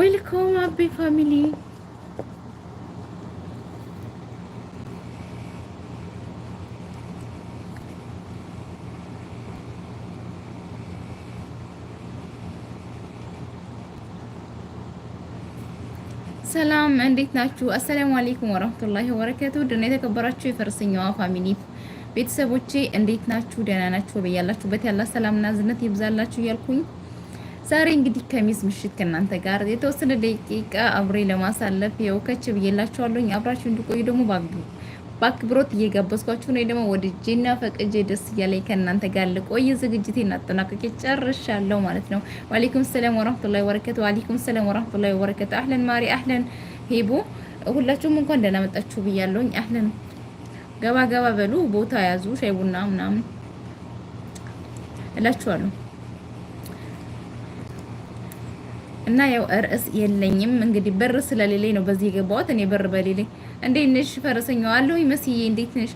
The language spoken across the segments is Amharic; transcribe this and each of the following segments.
ዌልኮም አቤ ፋሚሊ ሰላም እንዴት ናችሁ? አሰላሙ አሌይኩም ወረህመቱላሂ ወበረካቱ ድና የተከበራችሁ የፈረሰኛዋ ፋሚሊ ቤተሰቦቼ እንዴት ናችሁ? ደህና ናችሁ? በያላችሁበት ያላ ሰላምና ዝነት ይብዛላችሁ እያልኩኝ ዛሬ እንግዲህ ከሚስ ምሽት ከእናንተ ጋር የተወሰነ ደቂቃ አብሬ ለማሳለፍ የውከች ከች ብዬላችኋለሁኝ። አብራችሁ እንድቆዩ ደግሞ በአክብሮት እየጋበዝኳችሁ ነው። ደግሞ ወድጄና ፈቅጄ ደስ እያለኝ ከእናንተ ጋር ልቆይ ዝግጅቴ እናጠናቀቄ ጨርሻለሁ ማለት ነው። ዋሌኩም ሰላም ወረህመቱላሂ ወበረካቱ። ዋሌኩም ሰላም ወረህመቱላሂ ወበረካቱ። አህለን ማሪ፣ አህለን ሄቦ፣ ሁላችሁም እንኳን ደህና መጣችሁ ብያለሁኝ። አህለን ገባ ገባ በሉ ቦታ ያዙ፣ ሻይ ቡና ምናምን እላችኋለሁ። እና ያው ርዕስ የለኝም እንግዲህ በር ስለሌለኝ ነው በዚህ የገባሁት። እኔ በር በሌለኝ እንዴት ነሽ ፈረሰኛው አለሁ መስዬ እንዴት ነሽ?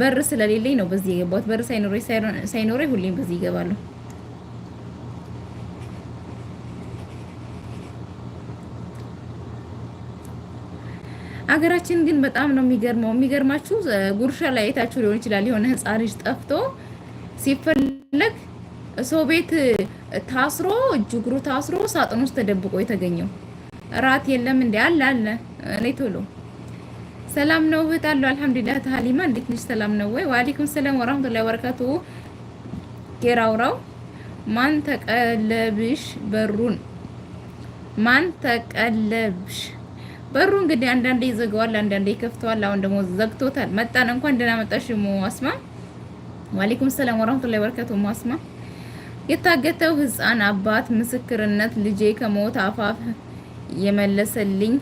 በር ስለሌለኝ ነው በዚህ የገባሁት። በር ሳይኖረኝ ሳይኖረኝ ሁሌም በዚህ ይገባለሁ። አገራችን ግን በጣም ነው የሚገርመው። የሚገርማችሁ ጉርሻ ላይ አይታችሁ ሊሆን ይችላል የሆነ ህፃን ልጅ ጠፍቶ ሲፈለግ ሰው ቤት ታስሮ እጁ እግሩ ታስሮ ሳጥን ውስጥ ተደብቆ የተገኘው እራት የለም እንዴ? አለ አለ። እኔ ቶሎ ሰላም ነው እህት አለው። አልሐምዱሊላህ። ታሊማ እንዴት ነሽ? ሰላም ነው ወይ? ወአለይኩም ሰላም ወራህመቱላሂ ወበረካቱ። ጌራውራው ማን ተቀለብሽ በሩን ማን ተቀለብሽ በሩ እንግዲህ አንዳንዴ ይዘጋዋል፣ አንዳንዴ ይከፍተዋል። አሁን ደግሞ ዘግቶታል። መጣን። እንኳን ደህና መጣሽ ሙ አስማ። ወአለይኩም ሰላም ወራህመቱላሂ ወበረካቱ ሙ አስማ የታገተው ህፃን አባት ምስክርነት ልጄ ከሞት አፋፍ የመለሰልኝ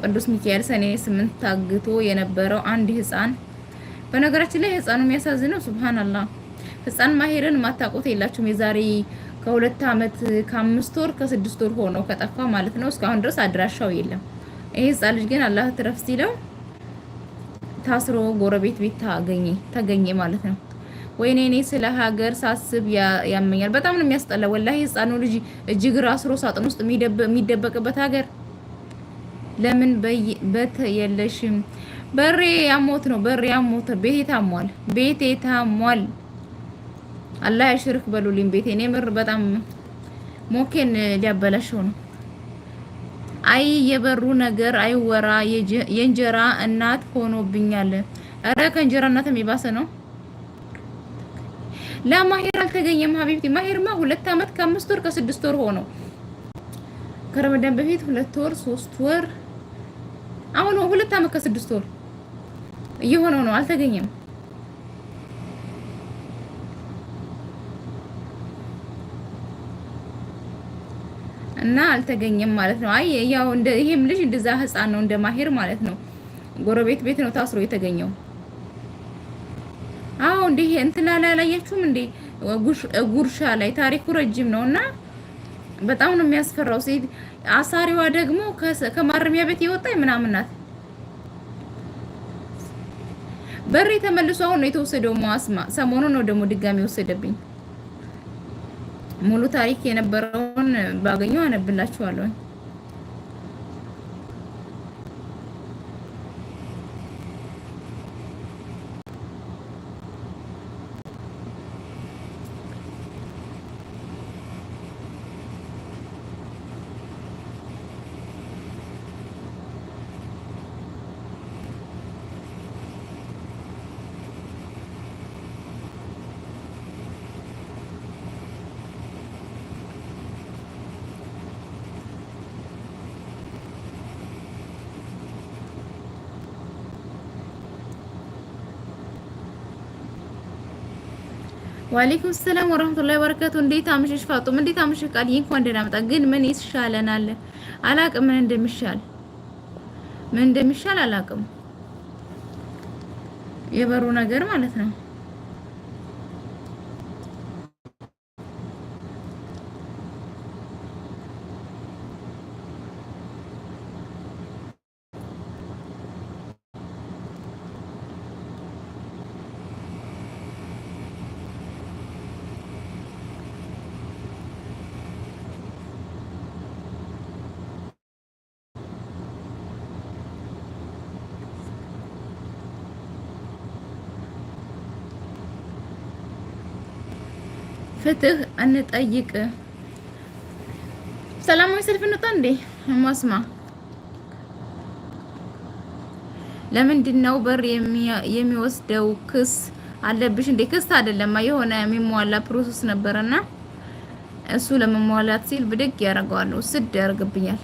ቅዱስ ሚካኤል ሰኔ ስምንት ታግቶ የነበረው አንድ ህፃን በነገራችን ላይ ህፃኑ የሚያሳዝነው ሱብሃንአላህ ህፃን ማሄርን ማታቆት የላችሁም የዛሬ ከሁለት አመት ከአምስት ወር ከስድስት ወር ሆኖ ከጠፋ ማለት ነው። እስካሁን ድረስ አድራሻው የለም። ይሄ ህፃን ልጅ ግን አላህ ትረፍ ሲለው ታስሮ ጎረቤት ቤት ታገኘ ተገኘ ማለት ነው። ወይኔ እኔ ስለ ሀገር ሳስብ ያመኛል። በጣም ነው የሚያስጠላ። ወላሂ ህፃኑ ልጅ እጅግ አስሮ ሳጥን ውስጥ የሚደበቅበት ሀገር ለምን በት የለሽም? በሬ ያሞት ነው በሬ ያሞት ቤቴ ታሟል፣ ቤቴ ታሟል። አላህ ያሽርክ በሉልኝ። ቤቴ እኔ ምር በጣም ሞኬን ሊያበላሸው ነው። አይ የበሩ ነገር አይወራ የእንጀራ እናት ሆኖብኛል። ኧረ ከእንጀራ እናት የሚባሰ ነው። ለማሄር አልተገኘም። ሀቢብቲ ማሄርማ ሁለት አመት ከአምስት ወር ከስድስት ወር ሆነው ከረመዳን በፊት ሁለት ወር ሶስት ወር አሁን ሁለት አመት ከስድስት ወር እየሆነው ነው። አልተገኘም። እና አልተገኘም ማለት ነው። አይ ያው እንደ ይሄም ልጅ እንደዛ ህፃን ነው እንደ ማሄር ማለት ነው። ጎረቤት ቤት ነው ታስሮ የተገኘው። እንዴ እንትና ላይ አላያችሁም እንዴ? ጉርሻ ላይ ታሪኩ ረጅም ነው እና በጣም ነው የሚያስፈራው። ሴት አሳሪዋ ደግሞ ከማረሚያ ቤት የወጣ ምናምን ናት። በሬ ተመልሶ አሁን ነው የተወሰደው። ማስማ ሰሞኑን ነው ደግሞ ድጋሚ ወሰደብኝ። ሙሉ ታሪክ የነበረውን ባገኘው አነብላችኋለሁ። ዋሌይኩም ሰላም ወረህመቱላሂ በረከቱ። እንዴት አመሸሽ ፋጡም? እንዴት አመሸሽ ቃል? ይህ እንኳን ደህና መጣ። ግን ምን ይሻለናል? አላቅም ምን እንደሚሻል ምን እንደሚሻል አላቅም። የበሩ ነገር ማለት ነው። ፍትህ እንጠይቅ። ሰላማዊ ሰልፍ እንውጣ እንዴ? ማስማ ለምንድን ነው በር የሚወስደው? ክስ አለብሽ እንዴ? ክስ አይደለም የሆነ የሚሟላ ፕሮሰስ ነበረና እሱ ለመሟላት ሲል ብድግ ያደርገዋለሁ። ስድ ያደርግብኛል።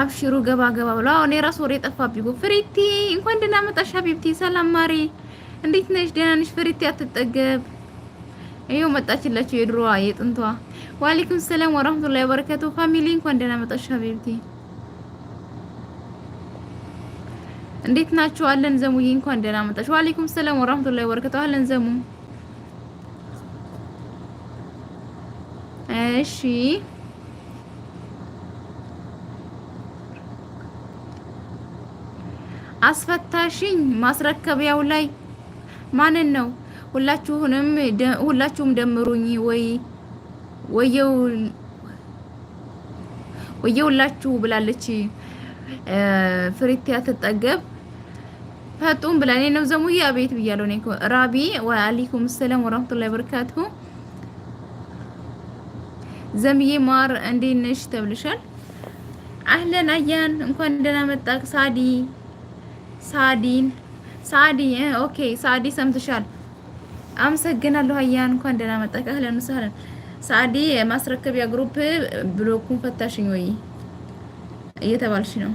አብሽሩ ገባ ገባ ብሎ አሁን የራሱ ወሬ ጠፋብኝ እኮ ፍሪቲ እንኳን ደህና መጣሽ ሀቢብቲ ሰላም ማሪ እንዴት ነሽ ደህና ነሽ ፍሪቲ አትጠገብ ይኸው መጣችላችሁ የድሮዋ የጥንቷ ዋሌኩም ሰላም ወራህመቱላሂ ወበረካቱ ፋሚሊ እንኳን ደህና መጣሽ ሀቢብቲ እንዴት ናችሁ አለን ዘሙዬ እንኳን ደህና መጣሽ ዋሌኩም ሰላም ወራህመቱላሂ ወበረካቱ አለን ዘሙ እሺ አስፈታሽኝ ማስረከቢያው ላይ ማንን ነው? ሁላችሁንም ሁላችሁም ደምሩኝ ወይ ወየው ወየውላችሁ ብላለች። ፍሪቲያ ትጠገብ ፈጡም ብላ እኔ ነው ዘሙዬ አቤት ብያለሁ። እኔ እኮ ራቢ ወአለይኩም ሰላም ወራህመቱላሂ ወበረካቱ። ዘምዬ ማር እንዴት ነሽ ተብልሻል። አህለን አያን እንኳን ደህና መጣክ ሳዲ ሳዲን ሳዲ ኦኬ፣ ሳዲ ሰምተሻል። አመሰግናለሁ። ሀያን እንኳን ደህና መጣሽ። አህለን ወሰህለን። ሳዲ የማስረከቢያ ግሩፕ ብሎኩን ፈታሽኝ ወይ እየተባልሽ ነው?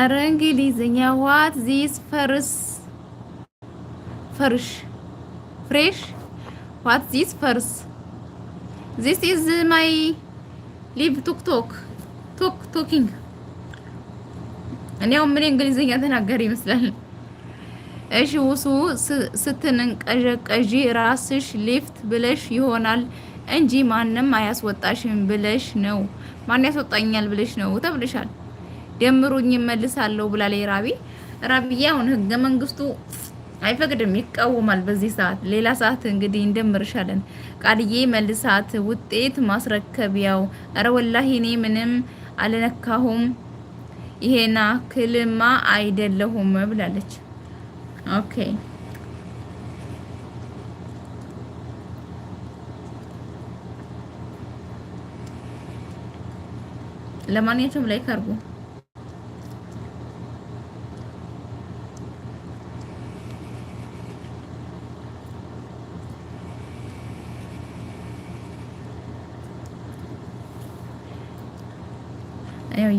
አረ እንግሊዝኛ ዋት ዚስ ፈርስ ፈርሽ ፍሬሽ ዋት ዚስ ፈርስ ዚስ ኢዝ ማይ ሊቭ ቶክቶክ ቶክ ቶኪንግ እንዲያውም ምን እንግሊዝኛ ተናገር ይመስላል። እሺ ውሱ ስትንቀዠቀዢ ራስሽ ሊፍት ብለሽ ይሆናል እንጂ ማንም አያስወጣሽም ብለሽ ነው። ማን ያስወጣኛል ብለሽ ነው ተብልሻል። ደምሩኝ መልሳለሁ ብላለች ራቢ ራቢዬ። አሁን ህገ መንግስቱ አይፈቅድም፣ ይቃወማል። በዚህ ሰዓት ሌላ ሰዓት እንግዲህ እንደምርሻለን። ቃልዬ መልሳት ውጤት ማስረከቢያው። ኧረ ወላሂ እኔ ምንም አልነካሁም፣ ይሄና ክልማ አይደለሁም ብላለች። ኦኬ ለማንኛቸውም ላይ ከርቡ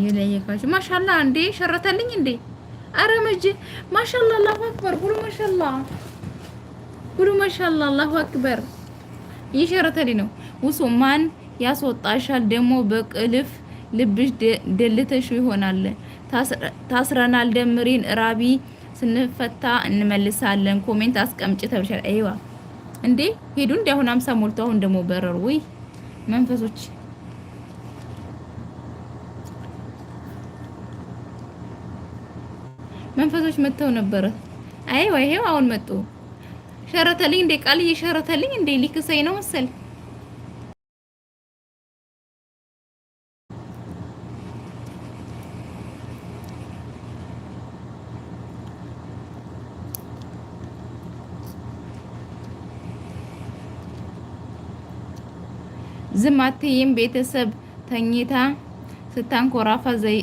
ነው የለየካችሁ። ማሻላ እንዴ ሸረተልኝ እንዴ አረ ማሻላ አላሁ አክበር ጉሉ ማሻላ ጉሉ ማሻላ አላሁ አክበር እየሸረተልኝ ነው። ውሱ ማን ያስወጣሻል ደግሞ በቅልፍ ልብሽ ደልተሽ ይሆናል። ታስረናል ደምሪን ራቢ ስንፈታ እንመልሳለን። ኮሜንት አስቀምጭ ተብሻል። አይዋ እንዴ ሄዱ እንዲ አሁን አምሳ ሞልቶ አሁን ደግሞ በረሩ ወይ መንፈሶች መንፈሶች መጥተው ነበረ። አይ ወይ ይሄው አሁን መጡ። ሸረተልኝ እንዴ ቃል እየሸረተልኝ እንዴ ሊክሰኝ ነው መሰል ዝም አትይም። ቤተሰብ ተኝታ ስታንኮራፋ ዘይ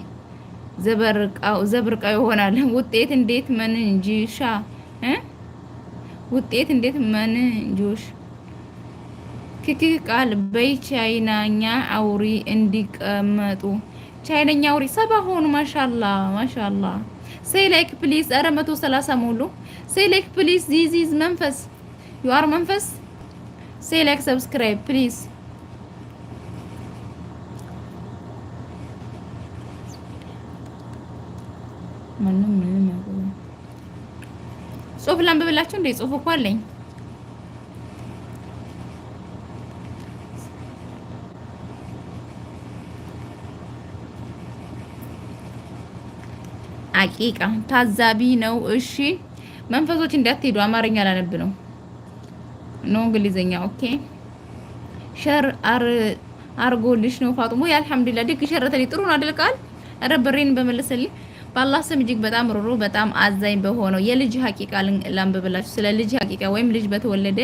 ዘብርቃ ይሆናል። ውጤት እንዴት መንጂሻ ውጤት እንዴት መንጆሽ ክክህ ቃል በይ ቻይናኛ አውሪ እንዲቀመጡ ቻይነኛ አውሪ ሰባ ሆኑ። ማሻላ ማሻላ ሴይ ላይክ ፕሊዝ። ኧረ መቶ ሰላሳ ሙሉ ሴ ላይክ ፕሊዝ። ዚዚዝ መንፈስ ዩአር መንፈስ ሴይ ላይክ ሰብስክራይብ ፕሊዝ ማንም ምንም ያቆም ጽሁፍ ላንብብላችሁ እንዴ? ጽሁፍ እኮ አለኝ። አቂቃ ታዛቢ ነው። እሺ መንፈሶች እንዳትሄዱ። አማርኛ ላነብ ነው ነው እንግሊዝኛ። ኦኬ ሸር አር አርጎልሽ ነው ፋጡሞ። አልሐምዱሊላህ። ድግ ሸረተሊ ጥሩ ነው አድልቃል። ኧረ በሬን በመለሰልኝ በአላህ ስም እጅግ በጣም ሩሩ በጣም አዛኝ በሆነው የልጅ ሀቂቃ ላንብብላችሁ። ስለ ልጅ ሀቂቃ ወይም ልጅ በተወለደ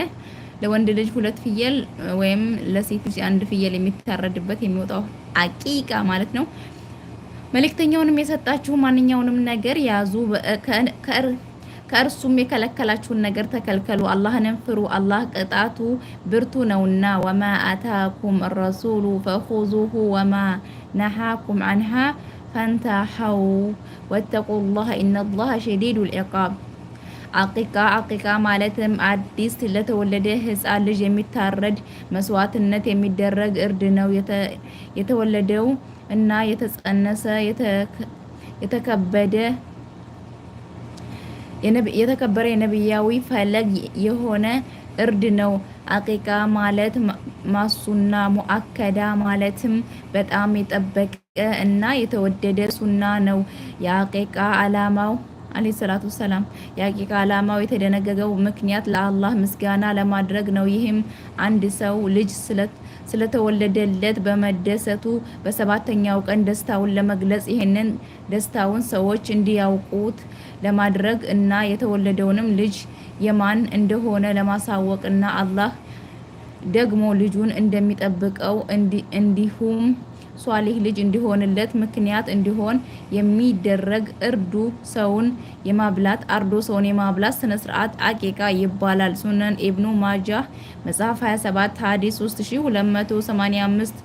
ለወንድ ልጅ ሁለት ፍየል ወይም ለሴት ልጅ አንድ ፍየል የሚታረድበት የሚወጣው ሀቂቃ ማለት ነው። መልእክተኛውንም የሰጣችሁ ማንኛውንም ነገር ያዙ፣ ከእርሱም የከለከላችሁን ነገር ተከልከሉ፣ አላህንም ፍሩ፣ አላህ ቅጣቱ ብርቱ ነውና። ወማ አታኩም ረሱሉ ፈኹዙሁ ወማ ነሃኩም አንሃ ፈንታሐው ወተቁላህ ኢነላህ ሸዲዱል ዒቃብ። አቂቃ አቂቃ ማለትም አዲስ ለተወለደ ህፃን ልጅ የሚታረድ መስዋዕትነት የሚደረግ እርድ ነው። የተወለደው እና የተጸነሰ የተከበደ የተከበረ የነቢያዊ ፈለግ የሆነ እርድ ነው። አቂቃ ማለት ማሱና ሙአከዳ ማለትም በጣም የጠበቀ እና የተወደደ ሱና ነው። የአቂቃ አላማው አለይሂ ሰላቱ ሰላም የአቂቃ አላማው የተደነገገው ምክንያት ለአላህ ምስጋና ለማድረግ ነው። ይህም አንድ ሰው ልጅ ስለተወለደለት በመደሰቱ በሰባተኛው ቀን ደስታውን ለመግለጽ ይህንን ደስታውን ሰዎች እንዲያውቁት ለማድረግ እና የተወለደውንም ልጅ የማን እንደሆነ ለማሳወቅ እና አላህ ደግሞ ልጁን እንደሚጠብቀው እንዲሁም ሷሊህ ልጅ እንዲሆንለት ምክንያት እንዲሆን የሚደረግ እርዱ ሰውን የማብላት አርዶ ሰውን የማብላት ስነ ስርዓት አቂቃ ይባላል። ሱነን ኢብኑ ማጃ መጽሐፍ 27 ሀዲስ 3285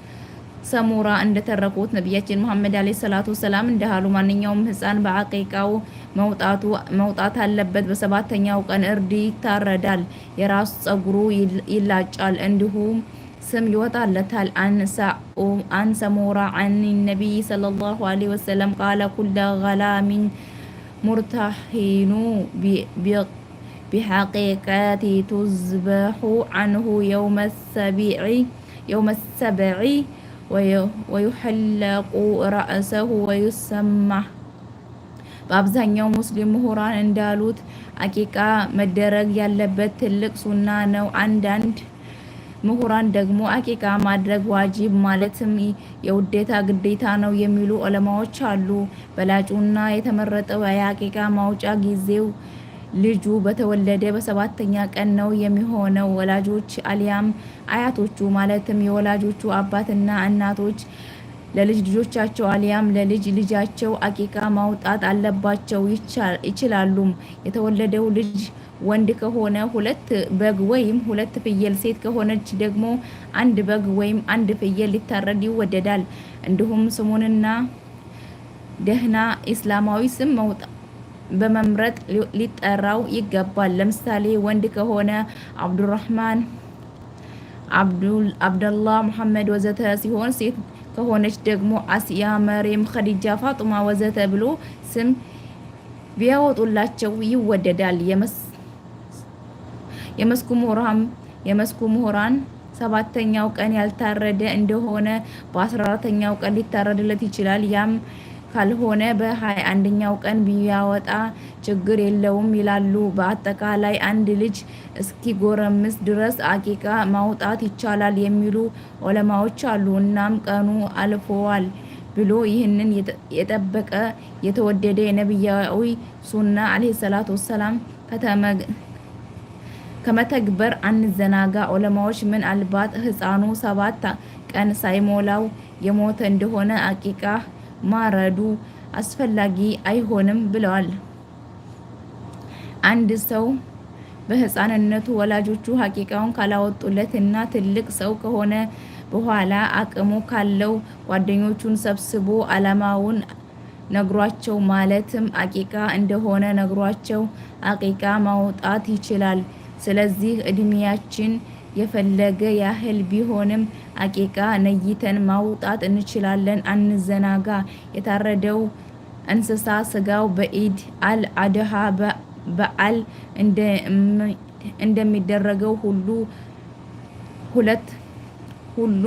ሰሙራ እንደተረኩት ነቢያችን መሐመድ አለይሂ ሰላቱ ሰላም እንዳሉ ማንኛውም ህፃን በአቂቃው መውጣቱ መውጣት አለበት። በሰባተኛው ቀን እርድ ይታረዳል፣ የራሱ ጸጉሩ ይላጫል፣ እንዲሁም ስም ይወጣለታል። አን ሰሙራ አን ነቢይ ሰለላሁ ዐለይሂ ወሰለም ቃለ ኩለ ገላሚን ሙርታሂኑ ቢሐቂቀቲ ቱዝበሑ አንሁ የውመ ሰብዒ ወዩሐለቁ ረእሰሁ ወዩሰማ። በአብዛኛው ሙስሊም ምሁራን እንዳሉት አቂቃ መደረግ ያለበት ትልቅ ሱና ነው። አንዳንድ ምሁራን ደግሞ አቂቃ ማድረግ ዋጅብ ማለትም የውዴታ ግዴታ ነው የሚሉ ዑለማዎች አሉ። በላጩና የተመረጠው የአቂቃ ማውጫ ጊዜው ልጁ በተወለደ በሰባተኛ ቀን ነው የሚሆነው። ወላጆች አሊያም አያቶቹ ማለትም የወላጆቹ አባትና እናቶች ለልጅ ልጆቻቸው አሊያም ለልጅ ልጃቸው አቂቃ ማውጣት አለባቸው ይችላሉም። የተወለደው ልጅ ወንድ ከሆነ ሁለት በግ ወይም ሁለት ፍየል፣ ሴት ከሆነች ደግሞ አንድ በግ ወይም አንድ ፍየል ሊታረድ ይወደዳል። እንዲሁም ስሙንና ደህና ኢስላማዊ ስም በመምረጥ ሊጠራው ይገባል። ለምሳሌ ወንድ ከሆነ አብዱራህማን፣ አብደላህ፣ መሐመድ ወዘተ ሲሆን ሴት ከሆነች ደግሞ አስያ፣ መሬም፣ ኸዲጃ፣ ፋጡማ ወዘተ ብሎ ስም ቢያወጡላቸው ይወደዳል። የመስኩ ምሁራን የመስኩ ምሁራን ሰባተኛው ቀን ያልታረደ እንደሆነ በአስራ አራተኛው ቀን ሊታረድለት ይችላል ያም ካልሆነ በሃያ አንደኛው ቀን ቢያወጣ ችግር የለውም ይላሉ። በአጠቃላይ አንድ ልጅ እስኪጎረምስ ድረስ አቂቃ ማውጣት ይቻላል የሚሉ ዑለማዎች አሉ። እናም ቀኑ አልፎዋል ብሎ ይህንን የጠበቀ የተወደደ የነቢያዊ ሱና አለይሂ ሰላቱ ወሰላም ከመተግበር አንዘናጋ። ዑለማዎች ምን አልባት ህፃኑ ሰባት ቀን ሳይሞላው የሞተ እንደሆነ አቂቃ ማረዱ አስፈላጊ አይሆንም ብለዋል። አንድ ሰው በህፃንነቱ ወላጆቹ ሀቂቃውን ካላወጡለት እና ትልቅ ሰው ከሆነ በኋላ አቅሙ ካለው ጓደኞቹን ሰብስቦ አላማውን ነግሯቸው ማለትም አቂቃ እንደሆነ ነግሯቸው አቂቃ ማውጣት ይችላል። ስለዚህ እድሜያችን የፈለገ ያህል ቢሆንም አቂቃ ነይተን ማውጣት እንችላለን። አንዘናጋ። የታረደው እንስሳ ስጋው በኢድ አል አድሃ በዓል እንደሚደረገው ሁሉ ሁለት ሁሉ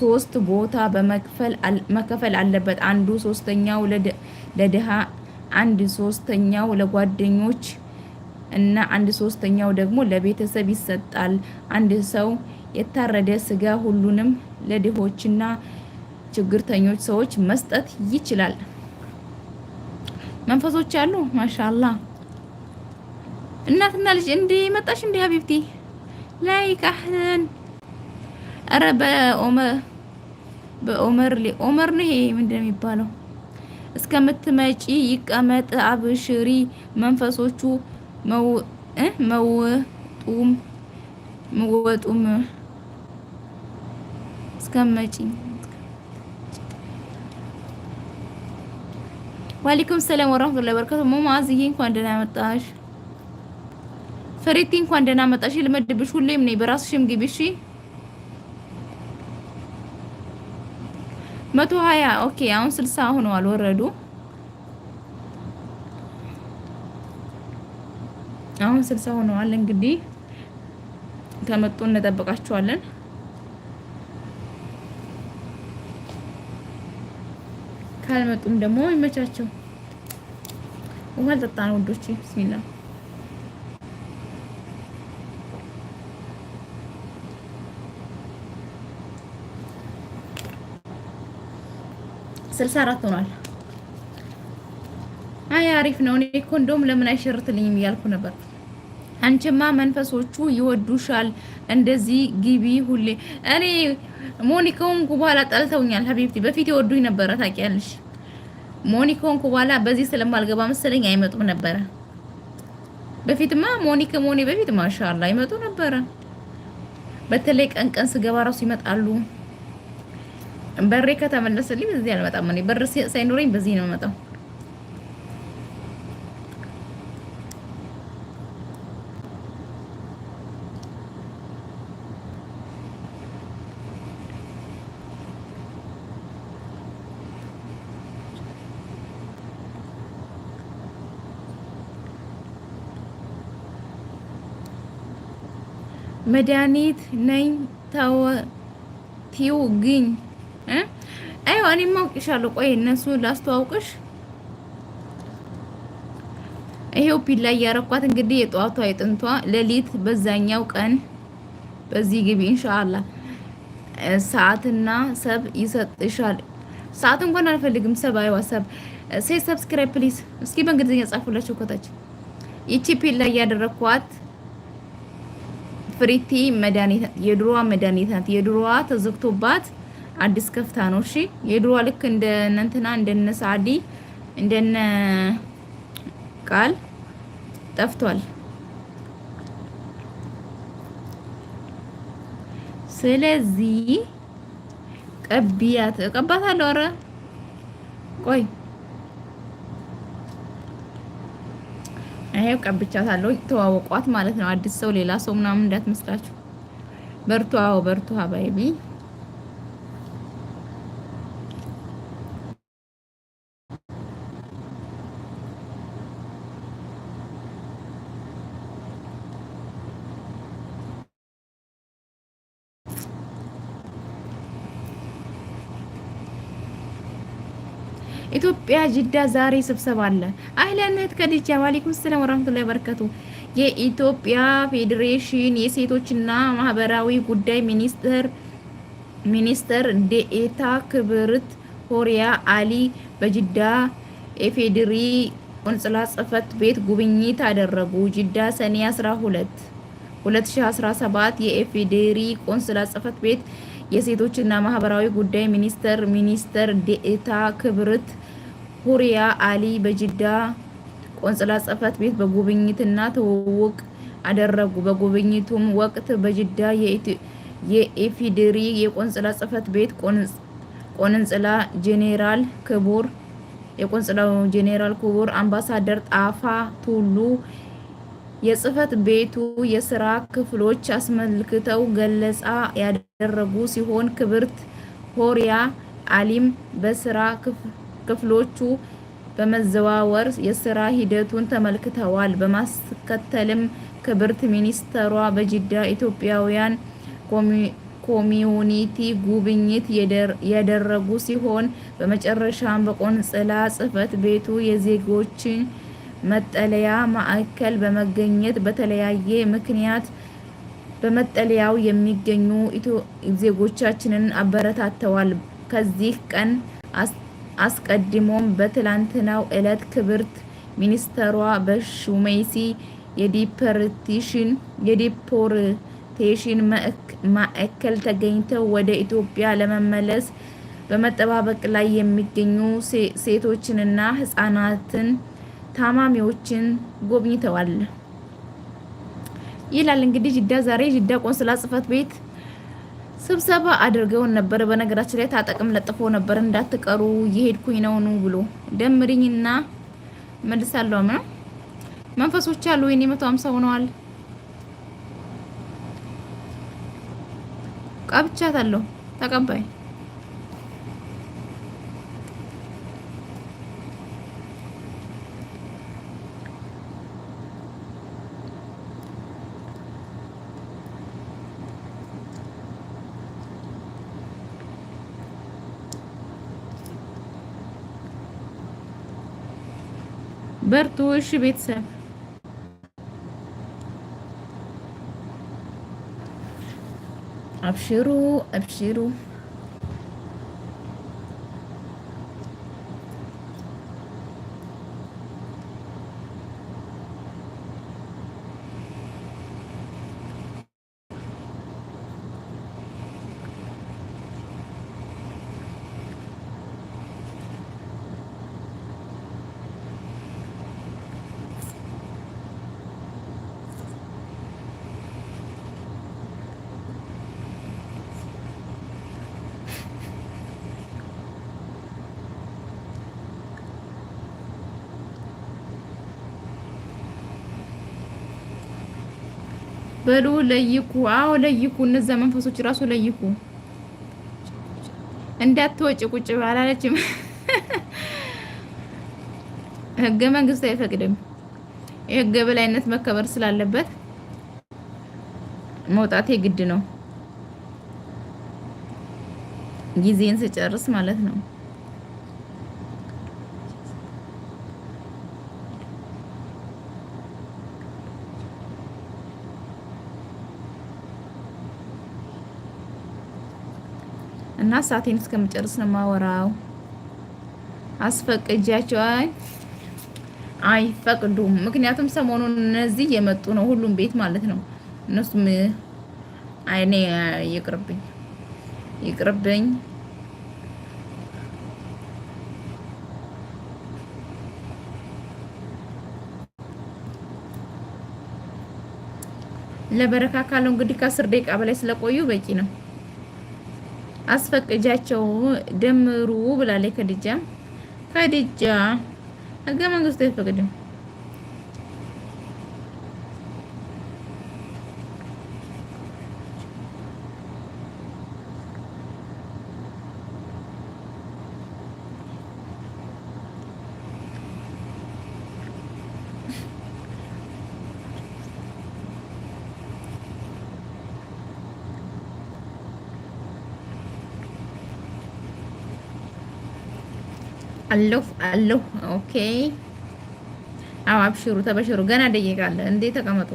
ሶስት ቦታ በመክፈል መከፈል አለበት። አንዱ ሶስተኛው ለድሃ፣ አንድ ሶስተኛው ለጓደኞች እና አንድ ሶስተኛው ደግሞ ለቤተሰብ ይሰጣል። አንድ ሰው የታረደ ስጋ ሁሉንም ለድሆችና ችግርተኞች ሰዎች መስጠት ይችላል። መንፈሶች አሉ። ማሻላ እናትና ልጅ እንዴ መጣሽ እንዴ ሀቢብቲ ላይ ካህን አረ በኦመር በኦመር ኦመር ነው ይሄ የሚባለው? እስከምትመጪ ይቀመጥ አብሽሪ መንፈሶቹ መወጡም መወጡም እስከመጪኝ ዋሊኩም ሰላም ወራህመቱላሂ ወበረካቱ። ሙአዝዬ እንኳን ደህና መጣሽ። ፍሬቲ እንኳን ደህና መጣሽ። ልመድብሽ ሁሌም ነኝ። በራስሽም ግቢ እሺ። መቶ ሀያ ኦኬ። አሁን ስልሳ ሆነዋል ወረዱ። አሁን ስልሳ ሆነዋል። እንግዲህ ከመጡ እንጠብቃቸዋለን። ካልመጡም ደግሞ ይመቻቸው። ውሃ አልጠጣን ውዶች ሲላ ስልሳ አራት ሆኗል። አይ አሪፍ ነው። እኔ እኮ ለምን አይሸርትልኝም እያልኩ ነበር። አንቺማ መንፈሶቹ ይወዱሻል። እንደዚህ ግቢ ሁሌ እኔ ሞኒካውን ኩባላ ጠልተውኛል። ሀቢብቲ በፊት ይወዱኝ ነበረ ታውቂያለሽ። ሞኒካውን ኩባላ በዚህ ስለማልገባ መሰለኝ አይመጡም ነበረ። በፊትማ ሞኒ በፊት ማሻአላ አይመጡ ነበረ። በተለይ ቀን ቀን ስገባ ራሱ ይመጣሉ። በሬ ከተመለሰልኝ በዚህ አልመጣም። እኔ በር ሳይኖረኝ በዚህ ነው የምመጣው። መድኃኒት ነኝ ታወቲው ግኝ አይ እኔም አውቅሻለሁ። ቆይ እነሱ ላስተዋውቅሽ። ይሄው ፒላ ያረኳት እንግዲህ የጠዋቷ የጥንቷ ሌሊት በዛኛው ቀን በዚህ ግቢ ኢንሻአላህ ሰዓትና ሰብ ይሰጥሻል። ሰዓት እንኳን አልፈልግም። ሰብ አይዋ ሰብ ሴ ሰብስክራይብ ፕሊዝ። እስኪ በእንግሊዝኛ ጻፉላችሁ ከታች ይቺ ፒላ ያደረኳት ፍሪቲ መድኃኒት የድሮዋ መድኃኒት ናት። የድሮዋ ተዘግቶባት አዲስ ከፍታ ነው። እሺ የድሮዋ ልክ እንደ እንትና እንደነ ሳዲ እንደነ ቃል ጠፍቷል። ስለዚህ ቀቢያት እቀባታለሁ። አረ ቆይ ይሄው ቀብቻታለሁ። ተዋወቋት ማለት ነው። አዲስ ሰው ሌላ ሰው ምናምን እንዳትመስላችሁ። በርቱ፣ አዎ በርቱ ሀባይቢ ኢትዮጵያ ጅዳ ዛሬ ስብሰባ አለ። አህለነት ከዲቻ ዋሌኩም ሰላም ወራህመቱላሂ ወበረከቱ። የኢትዮጵያ ፌዴሬሽን የሴቶችና ማህበራዊ ጉዳይ ሚኒስተር ሚኒስትር ዴኤታ ክብርት ሆሪያ አሊ በጅዳ የፌዴሪ ቆንጽላ ጽህፈት ቤት ጉብኝት አደረጉ። ጅዳ ሰኔ 12 2017 የኢፌዴሪ ቆንስላ ጽህፈት ቤት የሴቶችና ማህበራዊ ጉዳይ ሚኒስቴር ሚኒስትር ዴኤታ ክብርት ሁሪያ አሊ በጅዳ ቆንጽላ ጽሕፈት ቤት በጉብኝትና ትውውቅ አደረጉ። በጉብኝቱም ወቅት በጅዳ የኢፌዴሪ የቆንጽላ ጽሕፈት ቤት ቆንጽላ ጄኔራል ክቡር የቆንስላው ጄኔራል ክቡር አምባሳደር ጣፋ ቱሉ የጽፈት ቤቱ የስራ ክፍሎች አስመልክተው ገለጻ ያደረጉ ሲሆን ክብርት ሆሪያ አሊም በስራ ክፍሎቹ በመዘዋወር የስራ ሂደቱን ተመልክተዋል። በማስከተልም ክብርት ሚኒስተሯ በጅዳ ኢትዮጵያውያን ኮሚዩኒቲ ጉብኝት ያደረጉ ሲሆን በመጨረሻም በቆንጽላ ጽህፈት ቤቱ የዜጎችን መጠለያ ማዕከል በመገኘት በተለያየ ምክንያት በመጠለያው የሚገኙ ዜጎቻችንን አበረታተዋል። ከዚህ ቀን አስቀድሞም በትላንትናው ዕለት ክብርት ሚኒስተሯ በሹሜሲ የዲፖርቴሽን ማዕከል ተገኝተው ወደ ኢትዮጵያ ለመመለስ በመጠባበቅ ላይ የሚገኙ ሴቶችንና ህጻናትን ታማሚዎችን ጎብኝተዋል ይላል። እንግዲህ ጅዳ ዛሬ ጅዳ ቆንስላ ጽፈት ቤት ስብሰባ አድርገውን ነበር። በነገራችን ላይ ታጠቅም ለጥፎ ነበር እንዳትቀሩ እየሄድኩኝ ነው ኑ ብሎ ደምሪኝና መልሳለሁ። ምነው መንፈሶች አሉ ወይኔ 150 ሆነዋል። ቀብቻታለሁ ተቀባይ በርቱ። እሺ ቤተሰብ አብሽሩ አብሽሩ። በሉ ለይኩ። አዎ ለይኩ። እነዛ መንፈሶች ራሱ ለይኩ። እንዳትወጭ ቁጭ ባላለችም ህገ መንግስት አይፈቅድም። የህገ በላይነት መከበር ስላለበት መውጣት የግድ ነው። ጊዜን ስጨርስ ማለት ነው። እና ሰዓቴን እስከምጨርስ ነው የማወራው። አስፈቅጃቸው አይፈቅዱም። ምክንያቱም ሰሞኑን እነዚህ የመጡ ነው ሁሉም ቤት ማለት ነው። እነሱም አይኔ ይቅርብኝ ይቅርብኝ ለበረካ ካለው እንግዲህ ከአስር ደቂቃ በላይ ስለቆዩ በቂ ነው። አስፈቅጃቸው ደምሩ ብላለች። ከድጃ ከድጃ ህገ መንግስቱ አይፈቅድም። አለሁ አለሁ። ኦኬ አዎ፣ አብሽሩ ተበሽሩ። ገና ደቂቃ አለ እንዴ! ተቀመጡ።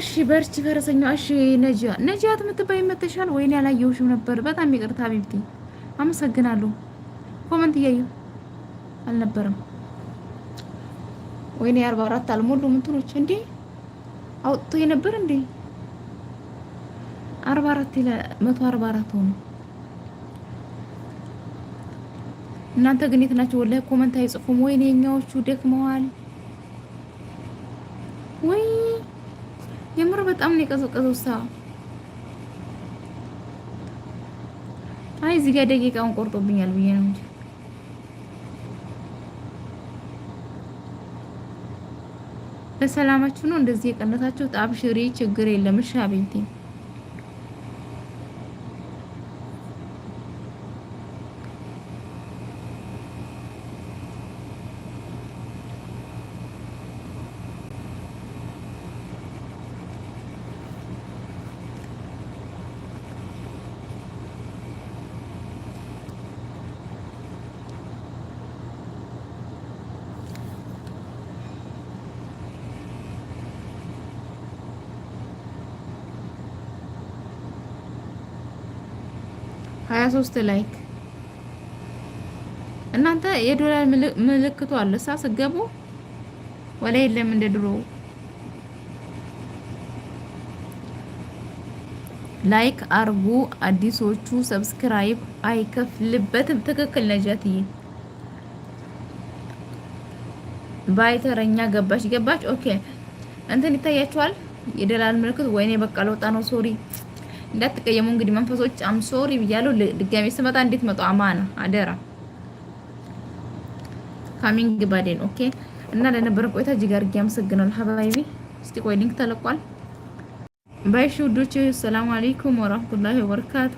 እሺ በርቺ ፈረሰኛ። እሺ ነጂያ ነጂያ የምትባይ መተሻል። ወይኔ ያላየሁሽም ነበር። በጣም ይቅርታ ቢብቲ፣ አመሰግናለሁ። ኮመንት እያየሁ አልነበረም። ወይኔ አርባ አራት አልሞሉ ምትኖች እንዴ አውጥቶ የነበር እንዴ አርባ አራት ይለ መቶ አርባ አራት ሆኖ እናንተ ግን የት ናቸው? ወላሂ ኮመንት አይጽፉም። ወይኔ የኛዎቹ ደክመዋል። በጣም ነው የቀዘቀዘው። ሳ አይ እዚህ ጋር ደቂቃውን ቆርጦብኛል ብዬ ነው እንጂ በሰላማችሁ ነው እንደዚህ የቀነሳችሁ። ጣብሽሪ ችግር የለም። እሺ አቤቴ 23 ላይክ እናንተ የዶላር ምልክቱ አለ እሳ ስገቡ ወላ የለም እንደ ድሮ ላይክ አርጉ። አዲሶቹ ሰብስክራይብ አይከፍልበትም። ትክክል ነጃትዬ። ባይተረኛ ገባች ገባች። ኦኬ እንትን ይታያችኋል የደላል ምልክት። ወይኔ በቃ ለውጣ ነው ሶሪ እንዳትቀየሙ እንግዲህ መንፈሶች አም ሶሪ ብያለሁ። ድጋሜ ስመጣ እንዴት መጣ አማና አደራ ካሚንግ ባዴን ኦኬ። እና ለነበረን ቆይታ እጅግ አድርጌ አመሰግናለሁ ሀባይቢ። እስቲ ቆይ ሊንክ ተለቋል። ባይ ሹ ውዶች፣ ሰላም አለይኩም ወራህመቱላሂ ወበረካቱ